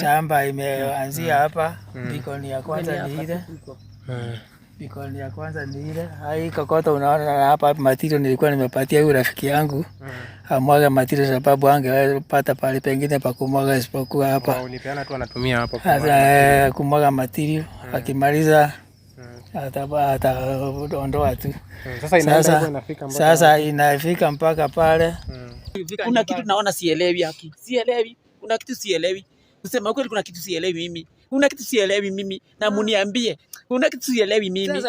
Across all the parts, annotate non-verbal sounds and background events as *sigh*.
shamba imeanzia mm. hapa mm. Bikoni ya kwanza ni ile mm. Eh. Bikoni ya kwanza ni ile hai kokoto, unaona hapa hapa matiro nilikuwa nimepatia huyu rafiki yangu mm. amwaga matirio, sababu angepata pale pengine pa kumwaga isipokuwa hapa wow, ulipeana tu, anatumia hapo eh, kumwaga, kumwaga matirio mm. akimaliza mm. ataondoa tu. Mm. Sasa inafika mpaka pale. Kuna kitu naona sielewi haki, sielewi. Kuna kitu sielewi kusema kweli, kuna kitu sielewi mimi, kuna kitu sielewi mimi na ah. mniambie, kuna kitu sielewi mimi.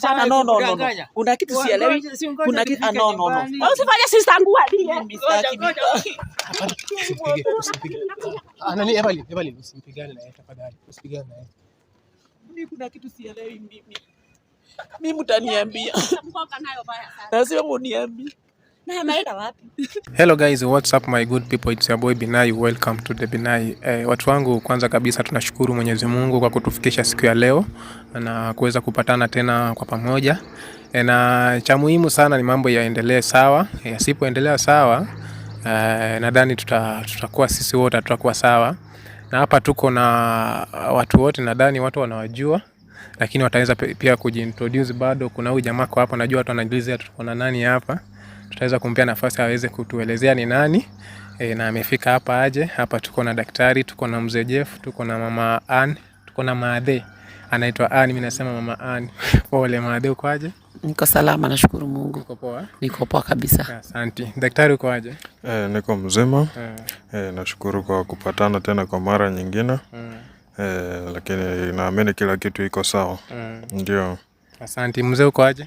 Hapana, no no no, kuna kitu sielewi, kuna kitu ah, no no no, usifanye sister yangu adie. Anani, Evali, Evali, usipigane na yeye tafadhali, usipigane na yeye. Mimi kuna kitu sielewi mimi, mimi mtaniambia, nayo baya sana, nasema mniambie. *laughs* Hello guys, what's up my good people? It's your boy Binai. Welcome to the Binai. Eh, watu wangu, kwanza kabisa tunashukuru Mwenyezi Mungu kwa kutufikisha siku ya leo na kuweza kupatana tena kwa pamoja. E, na cha muhimu sana ni mambo yaendelee sawa. Eh, yasipoendelea sawa, eh, nadhani tuta, tutakuwa sisi wote tutakuwa sawa. Na hapa tuko na watu wote nadhani watu wanawajua lakini wataweza pia kujintroduce bado. Kuna huyu jamaa kwa hapa, najua watu wanajiuliza tuko na nani hapa tutaweza kumpea nafasi aweze kutuelezea ni nani e, na amefika hapa aje. Hapa tuko na daktari, tuko na mzee Jeff, tuko na mama Anne, tuko na Madhe anaitwa Anne, mimi nasema mama Anne. *laughs* Pole Madhe, uko aje? Niko salama nashukuru Mungu. Niko poa? Niko poa kabisa. Asante. Daktari uko aje? Eh, niko mzima. Eh. E, nashukuru kwa kupatana tena kwa mara nyingine. Mm. E, lakini naamini kila kitu iko sawa. Mm. Ndio. Asante. Mzee uko aje?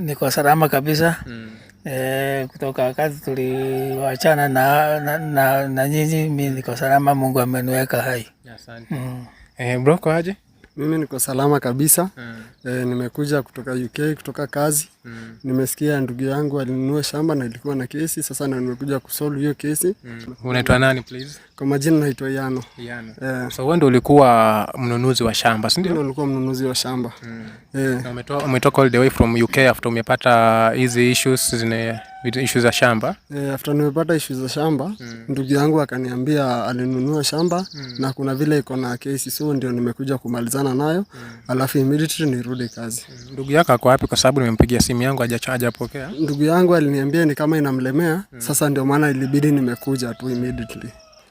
Niko salama kabisa. Mm. E, kutoka kazi tuliwachana na, na, na, na nyinyi. Mi niko salama, Mungu ameniweka hai. Asante. Mm. E, eh, bro, kwaje? Mimi niko salama kabisa mm. E, nimekuja kutoka UK kutoka kazi mm. Nimesikia ndugu yangu alinunua shamba na ilikuwa na kesi sasa, na nimekuja kusolve hiyo kesi mm. Unaitwa nani please? Kwa majina naitwa Yano. Yano. E. So wewe ndio ulikuwa mnunuzi wa shamba si Ndio ulikuwa mnunuzi wa shamba mm. E. Umetoka all the way from UK after umepata hizi issues zine ishu za shamba e, after nimepata ishu za shamba mm. Ndugu yangu akaniambia alinunua shamba mm. na kuna vile iko na kesi, so ndio nimekuja kumalizana nayo mm. alafu immediately nirudi kazi. Hmm. Ndugu yako ako wapi? Kwa sababu nimempigia simu yangu hajapokea. Ndugu yangu aliniambia ni kama inamlemea mm. Sasa ndio maana ilibidi nimekuja tu immediately,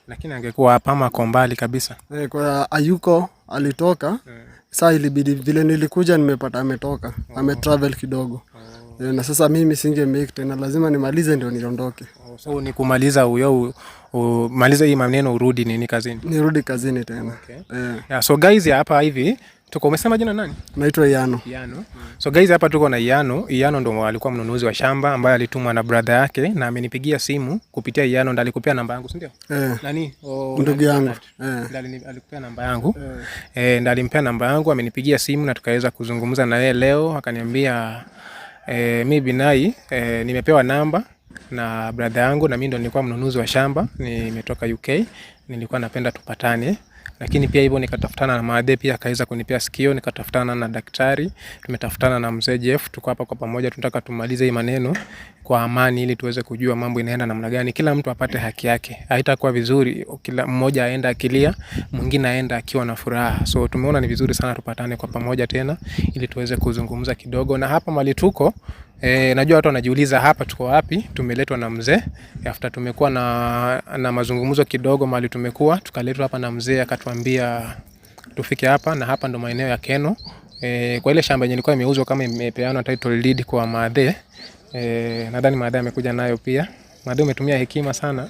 lakini angekuwa hapa ama ako mbali kabisa e, kwa ayuko alitoka mm. Saa ilibidi vile nilikuja nimepata ametoka, oh. ametravel kidogo mm. Eh, na sasa mimi singe make tena, lazima nimalize ndio niondoke. So ni kumaliza huyo umalize hii maneno urudi nini kazini? Nirudi kazini tena. Okay. Yeah. Yeah, so guys hapa hivi tuko umesema jina nani? Naitwa Iano. Iano. Mm. So guys hapa tuko na Iano. Iano ndo alikuwa mnunuzi wa shamba ambaye alitumwa na brother yake na amenipigia simu kupitia Iano ndo alikupea namba yangu, si ndio? Eh. Nani? Oh, Ndugu yangu. Eh. Alikupea namba yangu. Eh, Eh, ndo alimpea namba yangu, amenipigia simu na tukaweza kuzungumza na yeye leo akaniambia E, mi Binai e, nimepewa namba na brother yangu na mimi ndo nilikuwa mnunuzi wa shamba, nimetoka UK, nilikuwa napenda tupatane lakini pia hivyo nikatafutana na maadhe pia akaweza kunipea sikio, nikatafutana na daktari, tumetafutana na mzee Jeff, tuko hapa kwa pamoja, tunataka tumalize hii maneno kwa amani, ili tuweze kujua mambo inaenda namna gani, kila mtu apate haki yake. Haitakuwa vizuri kila mmoja aenda akilia, mwingine aenda akiwa na furaha. So tumeona ni vizuri sana tupatane kwa pamoja tena, ili tuweze kuzungumza kidogo, na hapa mali tuko E, najua watu wanajiuliza hapa tuko wapi. Tumeletwa na mzee after tumekuwa na, na mazungumzo kidogo mali, tumekuwa tukaletwa hapa na mzee akatuambia tufike hapa, na hapa ndo maeneo ya Keno e, kwa ile shamba yenye ilikuwa imeuzwa kama imepeana title deed kwa Madhe e, nadhani Madhe amekuja nayo pia. Madhe umetumia hekima sana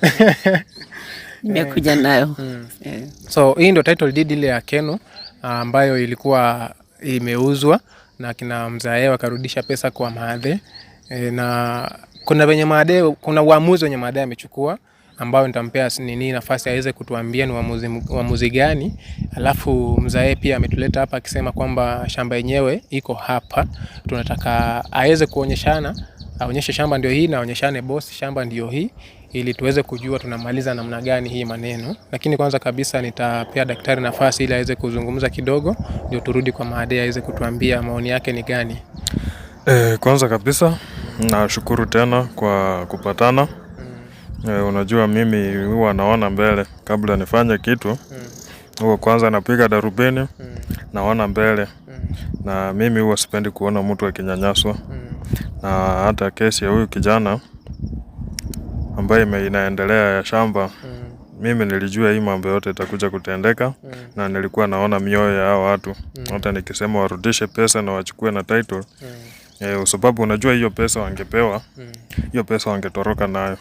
*laughs* nimekuja nayo *laughs* mm. yeah. So hii ndo title deed ile ya Keno ambayo ilikuwa imeuzwa na kina mzae wakarudisha pesa kwa maadhe e, na kuna wenye maadhe, kuna uamuzi wenye maadhe amechukua ambao nitampea nini nafasi aweze kutuambia ni uamuzi gani. Alafu mzae pia ametuleta hapa akisema kwamba shamba yenyewe iko hapa, tunataka aweze kuonyeshana, aonyeshe shamba ndio hii na aonyeshane boss, shamba ndio hii ili tuweze kujua tunamaliza namna gani hii maneno. Lakini kwanza kabisa nitapea daktari nafasi ili aweze kuzungumza kidogo, ndio turudi kwa maada aweze kutuambia maoni yake ni gani. E, kwanza kabisa nashukuru tena kwa kupatana. E, unajua mimi huwa naona mbele kabla nifanye kitu. huo mm. Huwa kwanza napiga darubini. Mm. Naona mbele. Mm. Na mimi huwa sipendi kuona mtu akinyanyaswa. Mm. Na hata kesi ya huyu kijana ambayo inaendelea ya shamba mm. Mimi nilijua hii mambo yote itakuja kutendeka mm. na nilikuwa naona mioyo ya hao watu mm. hata nikisema warudishe pesa na wachukue na title mm. E, sababu unajua hiyo pesa wangepewa mm. hiyo mm. pesa wangetoroka nayo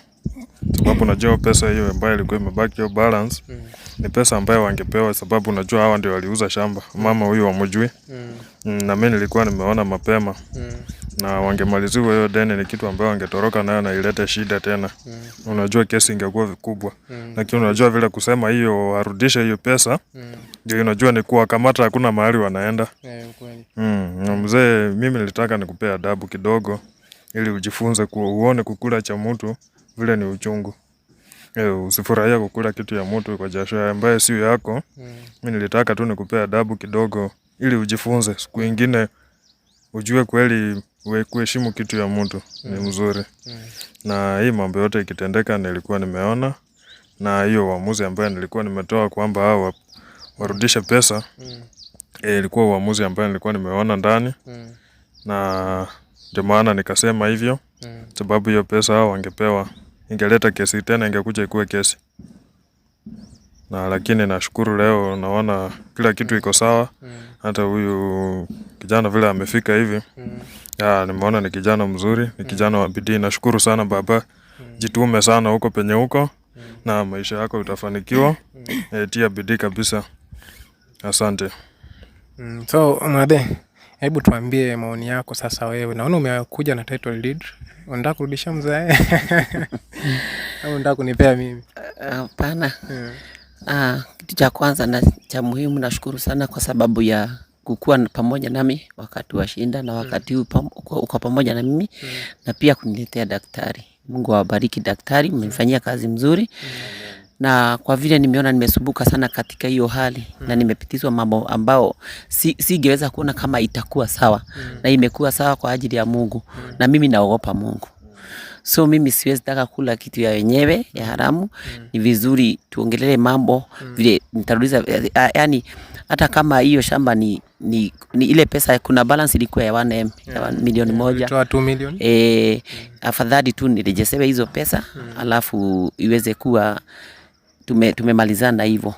sababu unajua pesa hiyo ambayo ilikuwa imebaki hiyo balance mm. ni pesa ambayo wangepewa, sababu unajua hawa ndio waliuza shamba, mama huyu wamjui mm. mm. na mimi nilikuwa nimeona mapema mm. na wangemaliziwa hiyo deni, ni kitu ambayo wangetoroka nayo na ilete shida tena mm. unajua kesi ingekuwa vikubwa mm. lakini unajua vile kusema hiyo arudishe hiyo pesa mm. ndio mm. unajua ni kuwa kamata hakuna mahali wanaenda yeah, mm. na Mzee, mimi nilitaka nikupea adabu kidogo ili ujifunze kuwa uone kukula cha mtu vile ni uchungu. Eh, Usifurahia kukula kitu ya mtu kwa jasho ambayo sio yako. Mm. Mimi nilitaka tu nikupea adabu kidogo ili ujifunze siku nyingine ujue kweli kuheshimu kitu ya mtu ni mm. mzuri. mm. Na hii mambo yote ikitendeka nilikuwa nimeona na hiyo uamuzi ambayo nilikuwa nimetoa kwamba hao warudishe pesa mm. e, ilikuwa uamuzi ambayo nilikuwa nimeona ndani mm. na ndio maana nikasema hivyo mm. sababu hiyo pesa hao wangepewa ingeleta kesi tena, ingekuja ikuwe kesi na lakini nashukuru leo naona kila kitu iko sawa mm. Hata huyu kijana vile amefika hivi mm. Nimeona ni kijana mzuri, ni mm. kijana wa bidii. Nashukuru sana baba mm. Jitume sana huko penye huko mm. Na maisha yako utafanikiwa mm. Eh, tia bidii kabisa, asante mm. So, Hebu tuambie maoni yako sasa. Wewe naona umekuja na title lead, unataka kurudisha mzae *laughs* au unataka kunipea mimi? Hapana. Uh, hmm. yeah. Uh, kitu cha kwanza na cha muhimu, nashukuru sana kwa sababu ya kukuwa pamoja nami wakati wa shinda na wakati huu mm. uko pamoja na mimi mm. na pia kuniletea daktari. Mungu awabariki daktari, mmefanyia kazi mzuri mm na kwa vile nimeona nimesumbuka sana katika hiyo hali mm. na hmm. nimepitizwa mambo ambao singeweza si kuona kama itakuwa sawa mm. na imekuwa sawa kwa ajili ya Mungu mm. na mimi naogopa Mungu so mimi siwezi taka kula kitu ya wenyewe ya haramu mm. ni vizuri tuongelele mambo mm. vile nitaruliza yani hata kama hiyo shamba ni, ni, ni ile pesa, kuna balance ilikuwa ya 1M hmm. yeah. milioni moja yeah, tu milioni e, eh, hmm. afadhali tu nirejeshewe hizo pesa mm. alafu iweze kuwa tume, tumemalizana hivyo.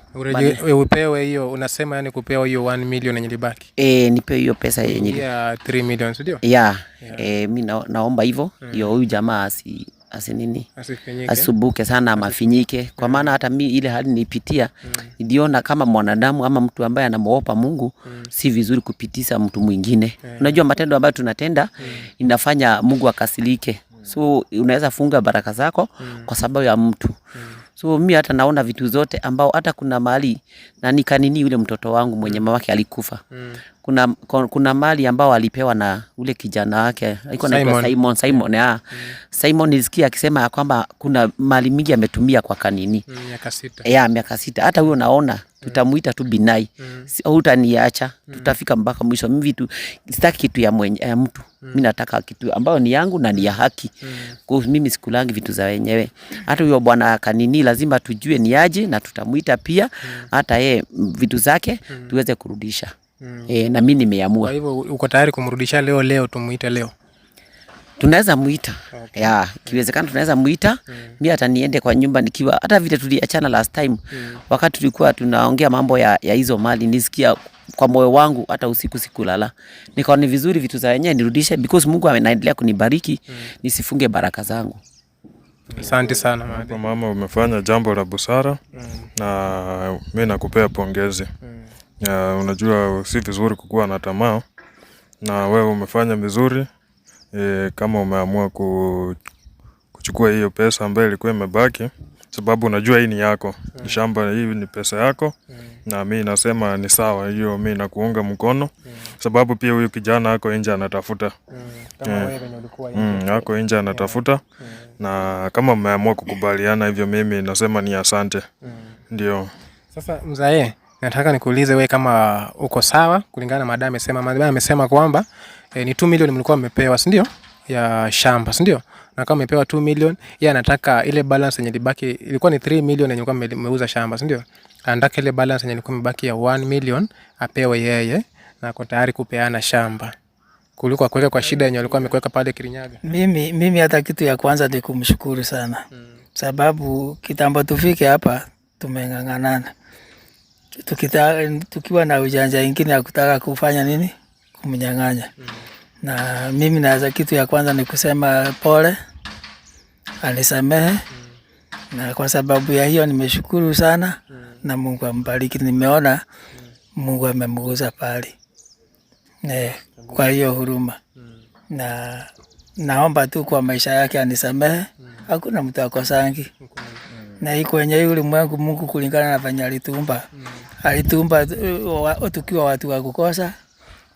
Upewe hiyo unasema, yani kupewa hiyo 1 million yenye libaki. Eh, nipewe hiyo pesa yenye ya 3 million ndio? Yeah. Yeah. Eh, mimi na, naomba hivyo hiyo mm. Huyu jamaa asi asi nini asubuke sana amafinyike, kwa mm. maana hata mi ile hali nipitia mm. niliona kama mwanadamu ama mtu ambaye anamuopa Mungu mm. si vizuri kupitisa mtu mwingine mm. Unajua matendo ambayo tunatenda mm. inafanya Mungu akasilike, mm. so unaweza funga baraka zako mm. kwa sababu ya mtu mm. So mimi hata naona vitu zote ambao hata kuna mali na nikanini yule mtoto wangu mwenye mm. mamake alikufa. Mm kuna, kuna mali ambao alipewa na ule kijana wake alikuwa anaitwa Simon. Simon, yeah. Mm. Simon nilisikia akisema ya kwamba kuna mali mingi ametumia kwa kanini mm, miaka sita. Yeah, miaka sita. Hata huyo naona mm. tutamuita tu Binai. Mm. Hutaniacha, tutafika mpaka mwisho. Mimi vitu sitaki kitu ya mwenye ya mtu. Mm. Mimi nataka kitu ambayo ni yangu na ni ya haki. Mm. Kwa hiyo mimi sikulangi vitu za wenyewe. Hata huyo bwana kanini lazima tujue ni aje na tutamuita pia hata mm. yeye vitu zake mm. tuweze kurudisha mm. E, na mimi nimeamua. Kwa hivyo uko tayari kumrudisha leo? Leo tumuite leo, tunaweza muita okay. Ya kiwezekana tunaweza muita mm. Mimi hata niende kwa nyumba nikiwa hata vile tuliachana last time mm. Wakati tulikuwa tunaongea mambo ya hizo mali nisikia kwa moyo wangu hata usiku sikulala, nikaona ni vizuri vitu za wenyewe nirudishe, because Mungu anaendelea kunibariki mm. Nisifunge baraka zangu. Asante sana mama, umefanya jambo la busara mm. na mimi nakupea pongezi mm. Ya, Unajua si vizuri kukuwa na tamaa na wewe umefanya vizuri e, kama umeamua ku, kuchukua hiyo pesa ambayo ilikuwa imebaki sababu unajua hii ni yako mm. shamba hii ni pesa yako mm. na mi nasema ni sawa hiyo mi nakuunga mkono mm. sababu pia huyu kijana ako nje anatafuta mm. Eh. mm ako nje anatafuta mm. na kama mmeamua kukubaliana hivyo mimi nasema ni asante mm. ndio sasa mzae Nataka nikuulize wewe kama uko sawa kulingana na mada amesema. Mada amesema kwamba e, ni 2 milioni mlikuwa mmepewa, si ndio? Ya shamba, si ndio? Na kama mmepewa 2 milioni, yeye anataka ile balance yenye libaki ilikuwa ni 3 milioni yenye mlikuwa mmeuza shamba, si ndio? Anataka ile balance yenye ilikuwa imebaki ya 1 milioni apewe yeye na ako tayari kupeana shamba kuliko kuweka kwa shida yenye alikuwa amekuweka pale Kirinyaga. Mimi mimi hata kitu ya kwanza ni kumshukuru sana. Hmm. Sababu kitambo tufike hapa tumeng'ang'anana tukita, tukiwa na ujanja ingine ya kutaka kufanya nini kumnyang'anya mm. Na mimi naweza, kitu ya kwanza ni kusema pole, anisamehe mm. Na kwa sababu ya hiyo nimeshukuru sana mm. Na Mungu ambariki, nimeona mm. Mungu amemguza pale e, kwa hiyo huruma mm. Na naomba tu kwa maisha yake anisamehe mm. Hakuna mtu akosangi mm. Na hii kwenye ulimwengu Mungu kulingana na venye alituumba mm alitumba tukiwa watu wa kukosa,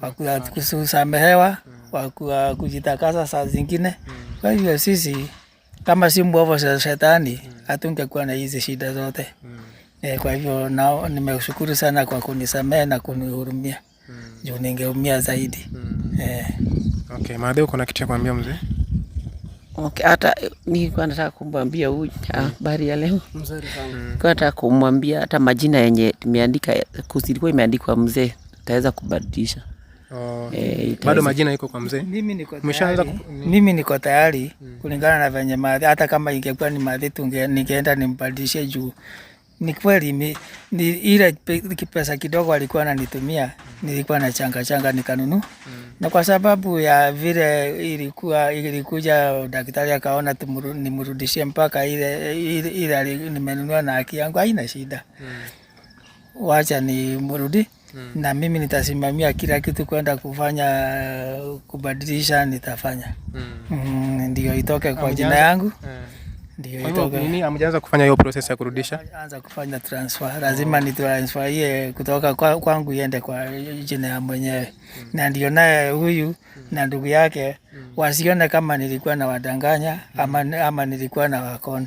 wakusamehewa mm. mm. wakua kujitakasa saa zingine. Mm. Kwa hivyo sisi kama si mbovu za shetani hatungekuwa na hizi shida zote. Eh, kwa hivyo nao nimeshukuru sana kwa kunisamehe na kunihurumia juu ningeumia zaidi. E. Okay, Madeo kuna kitu ya kuambia mzee? Okay, hata eh, nilikuwa nataka kumwambia huyu ah, mm. habari ya leo. Mm. Nilikuwa nataka kumwambia hata majina yenye imeandika kusilikuwa imeandikwa mzee, taweza kubadilisha. Oh. E, bado majina iko kwa mzee. Mimi niko tayari. Mimi niko tayari mm. kulingana na venye hata kama ingekuwa ni madhi tungeenda nimbadilishe juu ni kweli ni ile kipesa kidogo alikuwa ananitumia nilikuwa na changa changa nikanunua mm. na kwa sababu ya vile ilikuwa ilikuja daktari akaona nimrudishie mpaka ile ile, ile nimenunua na haki yangu haina shida mm. wacha ni mrudi mm. na mimi nitasimamia kila kitu kwenda kufanya kubadilisha nitafanya mm. Mm, ndio itoke kwa jina yangu eh. Ndio nini amjaanza kufanya hiyo process ya kurudisha? Anza kufanya transfer. Lazima ni transfer iye kutoka kwa, kwangu iende kwa jina ya mwenyewe. Hmm. Na ndio naye huyu na ndugu yake hmm. wasione kama nilikuwa na wadanganya ama, hmm. ama nilikuwa na wakoni.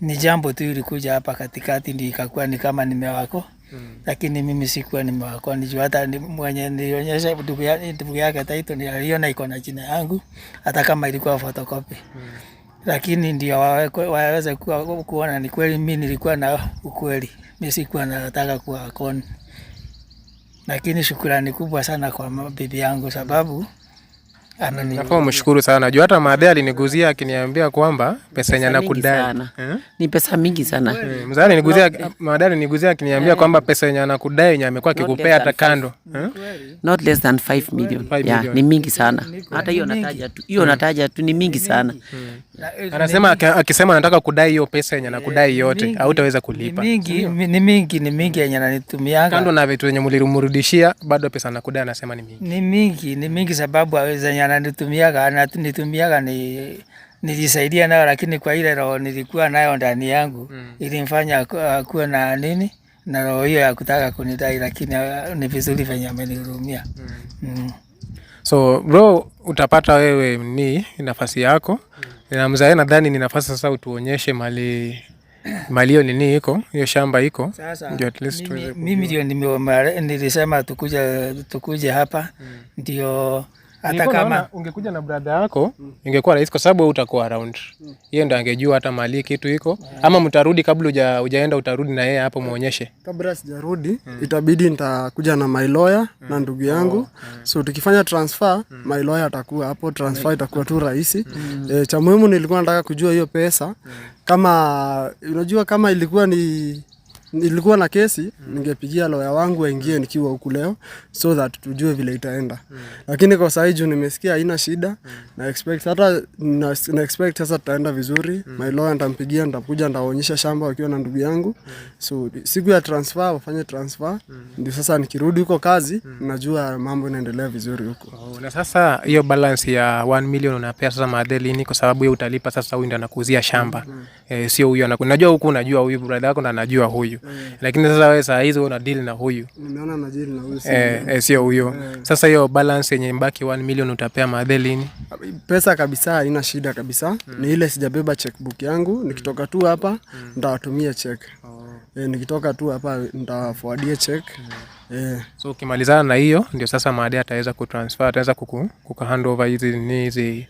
Ni jambo tu ilikuja hapa katikati ndio ikakuwa ni kama nimewako. Hmm. Lakini mimi sikuwa nimewako, nijua hata ni mwenye nionyesha ndugu yake title niliona iko na jina yangu hata kama ilikuwa photocopy. hmm lakini ndio waweze kuona ni kweli mi nilikuwa na ukweli, mi sikuwa nataka kuwa koni. Lakini shukurani kubwa sana kwa bibi yangu sababu Nafaa mshukuru sana. Najua hata madhe aliniguzia akiniambia kwamba pesa yenye anakudai eh? ni pesa mingi sana. Eh, Mzee aliniguzia, madhe aliniguzia akiniambia eh. kwamba pesa yenye anakudai yenye amekuwa akikupea hata kando. Not less than 5 million. Ya, ni mingi sana. Hata hiyo nataja tu. Hiyo hmm. nataja tu ni mingi sana. Hmm. Anasema akisema anataka kudai hiyo pesa yenye anakudai yote, hautaweza kulipa. Mingi, ni mingi, ni mingi yenye ananitumia. Kando na vitu yenye mlirudishia, bado pesa anakudai anasema ni mingi. Ni mingi, ni mingi sababu aweza ananitumiaga ananitumiaga ni nilisaidia nayo, lakini kwa ile roho nilikuwa nayo ndani yangu mm. ilimfanya akuwe uh, na nini na roho hiyo ya kutaka kunidai, lakini uh, ni vizuri venye amenihurumia mm. mm. So bro, utapata wewe ni nafasi yako mm. na mzae, nadhani ni nafasi sasa, utuonyeshe mali mali hiyo nini iko hiyo shamba iko ndio, at least mimi ndio nilisema tukuje tukuje hapa mm. ndio hata kama ungekuja na brada yako mm. ingekuwa rahisi kwa sababu wewe utakuwa around mm. ndo angejua hata mali kitu iko yeah. ama mtarudi kabla uja, ujaenda utarudi na yeye hapo muonyeshe. Kabla sijarudi mm. itabidi nitakuja na my lawyer mm. na ndugu yangu oh. mm. so tukifanya transfer mm. my lawyer atakuwa hapo, transfer itakuwa tu rahisi mm. E, cha muhimu nilikuwa nataka kujua hiyo pesa mm. kama unajua kama ilikuwa ni nilikuwa na kesi mm. Ningepigia lawyer wangu aingie mm. nikiwa huku leo so that tujue vile itaenda mm. Lakini kwa sahii juu nimesikia haina shida mm. Na expect hata na, na expect sasa tutaenda vizuri mm. My lawyer nitampigia, nitakuja ndaonyesha shamba wakiwa na ndugu yangu mm. So siku ya transfer wafanye transfer mm. Ndio sasa nikirudi huko kazi mm. Najua mambo inaendelea vizuri huko. Oh, na sasa hiyo balance ya 1 million unapea sasa Madeline kwa sababu yeye utalipa sasa, huyu ndo anakuuzia shamba mm. Eh, sio huyo anakujua, najua huku, najua huyu brother yako ndo anajua huyu huyu Lakini sasa wewe saa hizi una deal na huyu, nimeona na deal na huyu eh, eh, sio huyo eh. Sasa hiyo balance yenye mbaki 1 milioni utapea Pesa kabisa haina shida kabisa mm. Ni ile sijabeba checkbook yangu, hmm. nikitoka tu hapa hmm. nitawatumia check oh. E, nikitoka tu hapa check yeah. Hmm. So ukimalizana na hiyo ndio sasa madhe ataweza kutransfer, ataweza kuku, kuka handover hizi hizi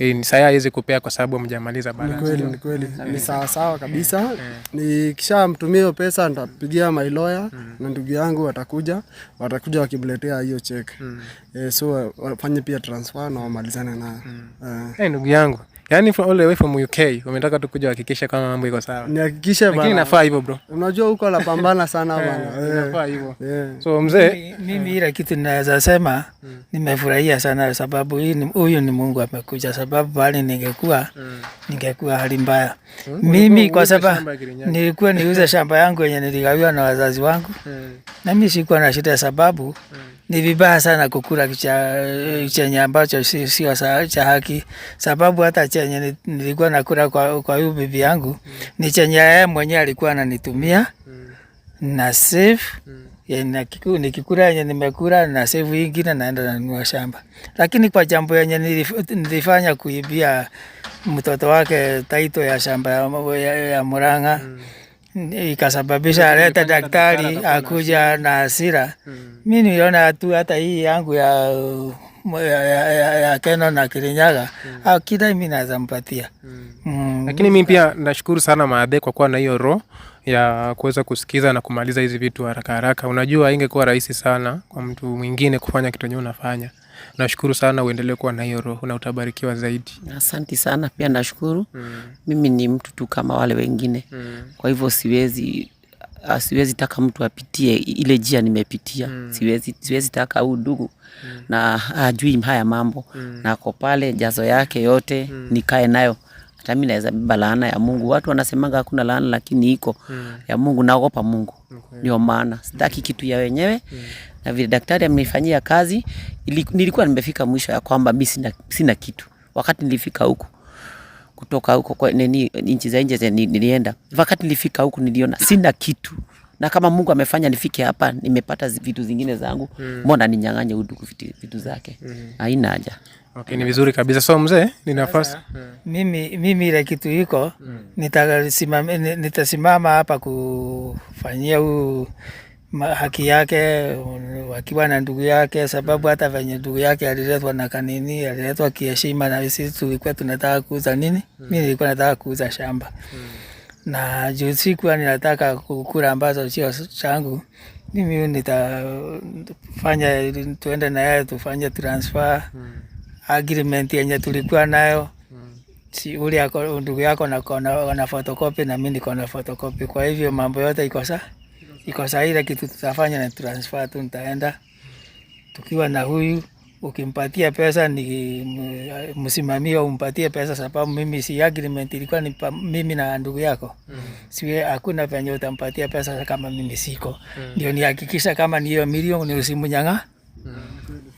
e, ni saa kupea kwa sababu hamjamaliza balance. Ni kweli, ni kweli. Ni sawa sawa kabisa. Eh. Nikishamtumia hiyo pesa nitapigia my lawyer hmm. na ndugu yangu watakuja, watakuja wakimletea hiyo check. Hmm. Eh, so wafanye pia transfer na wamalizane na hmm. eh. ndugu yangu Yaani from all the way from UK wametaka tu kuja kuhakikisha kama mambo iko sawa. Nihakikishe bana. Lakini inafaa hivyo bro. Unajua huko anapambana sana eh, bana. Inafaa eh, hivyo. Eh. So mzee, mimi ile kitu ninaweza sema hmm. nimefurahia sana sababu hii huyu ni Mungu amekuja sababu bali ningekuwa hmm. ningekuwa hali mbaya. Hmm, mimi kwa sababu nilikuwa niuza shamba yangu yenye niligawiwa na wazazi wangu. Na mimi sikuwa na shida sababu ni vibaya sana kukula chenye ambacho sio si, si, cha haki, sababu hata chenye nilikuwa nakula kwa, kwa huyu bibi yangu mm. ni chenye yeye mwenyewe alikuwa ananitumia mm. na save mm. nikikula yenye nimekula na save ingine naenda nanunua shamba, lakini kwa jambo yenye nilifanya kuibia mtoto wake taito ya shamba ya, ya, ya Murang'a mm ikasababisha aleta daktari akuja na hasira. Hmm. Mi niliona tu hata hii yangu ya ya, ya, ya, ya Keno na Kirinyaga mm. kila mi naweza mpatia hmm. Hmm. Lakini mi pia nashukuru sana Maadhe kwa kuwa na hiyo roho ya kuweza kusikiza na kumaliza hizi vitu haraka haraka. Unajua, ingekuwa rahisi sana kwa mtu mwingine kufanya kitu enyewe unafanya. Nashukuru sana, uendelee kuwa na hiyo roho na utabarikiwa zaidi. asanti sana pia nashukuru mm. Mimi ni mtu tu kama wale wengine mm. Kwa hivyo siwezi ah, siwezi taka mtu apitie ile jia nimepitia mm. Siwezi, siwezi taka huu ndugu mm. na ajui haya mambo mm. na pale jazo yake yote mm. nikae nayo hata mimi naweza beba laana ya Mungu. Watu wanasemaga hakuna laana, lakini iko mm. ya Mungu. Naogopa Mungu, ndio okay. maana sitaki mm. kitu ya wenyewe mm na vile daktari amenifanyia kazi, nilikuwa nimefika mwisho ya kwamba mimi sina, sina kitu. Wakati nilifika huku kutoka huko kwa nini nchi za nje nilienda, wakati nilifika huku niliona sina kitu, na kama Mungu amefanya nifike hapa, nimepata vitu zingine zangu, hmm. mbona ninyang'anye udugu vitu, vitu zake mm. haina haja. Okay, ni vizuri kabisa. So mzee, ni nafasi mimi mimi ile kitu iko mm. nitasimama nitasimama hapa kufanyia huu haki yake wakiwa na ndugu yake, sababu hata venye ndugu yake aliletwa na kanini, aliletwa kiheshima, na sisi tulikuwa tunataka kuuza nini, hmm. mi nilikuwa nataka kuuza shamba hmm. na juu sikuwa ninataka kukula ambazo sio changu mimi, nitafanya tuende na tufanye transfer hmm. agreement yenye tulikuwa nayo hmm. si ule ndugu yako na fotokopi na mimi niko na fotokopi, kwa hivyo mambo yote iko sawa iko sahihi, ile kitu tutafanya na transfer tu, nitaenda tukiwa na huyu ukimpatia pesa ni eh, msimamie au umpatie pesa, sababu mimi si agreement ilikuwa ni mimi na ndugu yako mm. Siwe hakuna penye utampatia pesa kama mimi siko mm. ndio nihakikisha kama ni hiyo milioni ni usimunyang'a mm.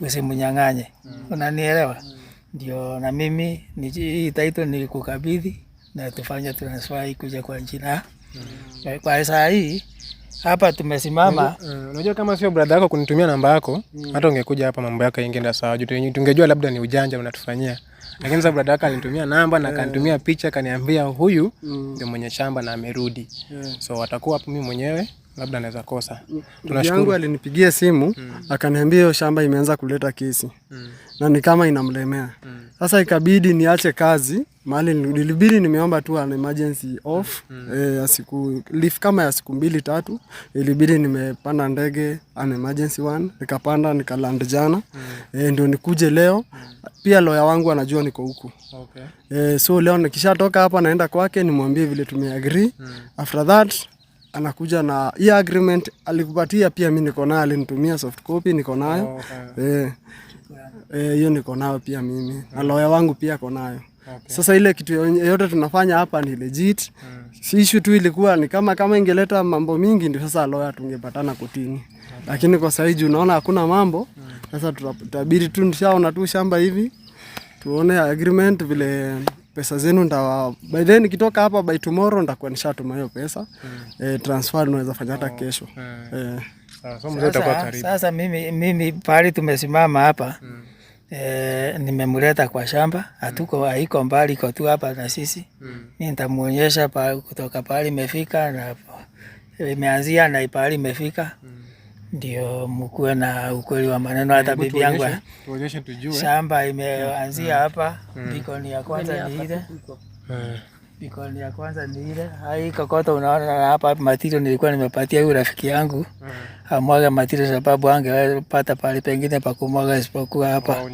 usimunyang'anye mm. unanielewa mm. ndio na mimi ni hii title ni kukabidhi na tufanye transfer ikuje kwa jina mm. kwa saa hii hapa tumesimama. Unajua uh, kama sio brother yako kunitumia namba yako mm. hata ungekuja hapa mambo yako ingeenda sawa, tungejua labda ni ujanja unatufanyia, lakini sasa brada yako alinitumia namba na eh. akanitumia picha, kaniambia huyu mm. ndio mm. mwenye shamba na amerudi yeah. so watakuwa hapo mimi mwenyewe labda naweza kosa. Tunashukuru. alinipigia simu mm. akaniambia hiyo shamba imeanza kuleta kesi mm. na ni kama inamlemea mm. Sasa ikabidi niache kazi mali nilibidi, nimeomba tu an emergency off mm. E, ya siku leave kama ya siku mbili tatu, ilibidi nimepanda ndege an emergency one, nikapanda nikaland jana mm. E, ndio nikuje leo mm. Pia loya wangu anajua niko huku okay. E, so leo nikishatoka hapa naenda kwake nimwambie vile tumeagree mm. after that anakuja na hii agreement alikupatia, pia mi niko nayo, alinitumia soft copy, niko nayo oh, okay. eh, eh, hiyo niko nayo pia mimi okay. na lawyer wangu pia ako nayo okay. Sasa ile kitu yote tunafanya hapa ni legit hmm. Si Issue tu ilikuwa ni kama kama ingeleta mambo mingi, ndio sasa lawyer tungepatana kotini okay. Lakini kwa sasa hivi unaona hakuna mambo hmm. sasa hmm. Tutabidi tu nishaona tu shamba hivi tuone agreement vile pesa zenu ndawa, by then nikitoka hapa by tomorrow ndakuwa nishatuma hiyo pesa mm. E, transfer unaweza fanya hata oh, kesho oh. E. Sasa, sasa mimi, mimi pahali tumesimama hapa mm. E, nimemleta kwa shamba hmm. hatuko haiko mbali, iko tu hapa na sisi mm. Mi nitamuonyesha pa, kutoka pahali imefika na imeanzia na pahali imefika mm ndio mkuwe na ukweli wa maneno. Hata bibi yangu eh. shamba imeanzia hmm. hapa, hmm. bikoni ya kwanza ni ile eh. bikoni ya kwanza ni ile hai kokoto, unaona hapa matiro nilikuwa nimepatia huyu rafiki yangu hmm. amwaga matiro, sababu angepata pale pengine pa kumwaga isipokuwa hapa oh,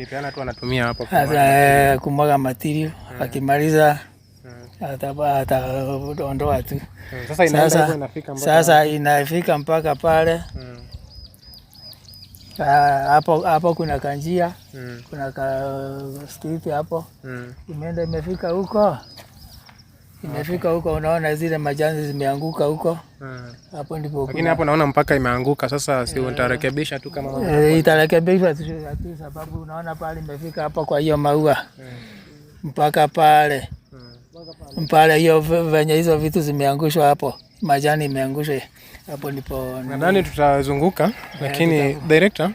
kumwaga eh, matiro. Akimaliza ataondoa tu. Sasa inafika mpaka pale Ah, hapo hapo kuna kanjia mm. kuna ka street hapo mm. imeenda imefika huko imefika huko, unaona zile majani zimeanguka huko mm. hapo hmm. Ndipo lakini hapo naona mpaka imeanguka sasa, si eh. utarekebisha tu kama e, itarekebishwa tu, sababu unaona pale imefika hapo, kwa hiyo maua mm. mpaka pale mm. mpaka pale hiyo venye hizo vitu zimeangushwa hapo majani imeangusha hapo ndipo nadhani tutazunguka, eh, lakini director,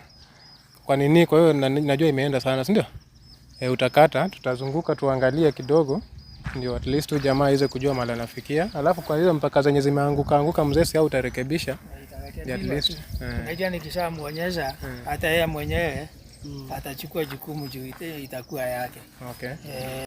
kwa nini? Kwa hiyo najua imeenda sana, si ndio? E, utakata, tutazunguka tuangalie kidogo, ndio at least jamaa iweze kujua mahali anafikia, alafu kwa hizo mpaka zenye zimeanguka anguka mzee, si au utarekebisha at least. Eh. Unajua, nikishamuonyesha hata yeye mwenyewe hmm. atachukua jukumu juu itakuwa yake. Okay. E,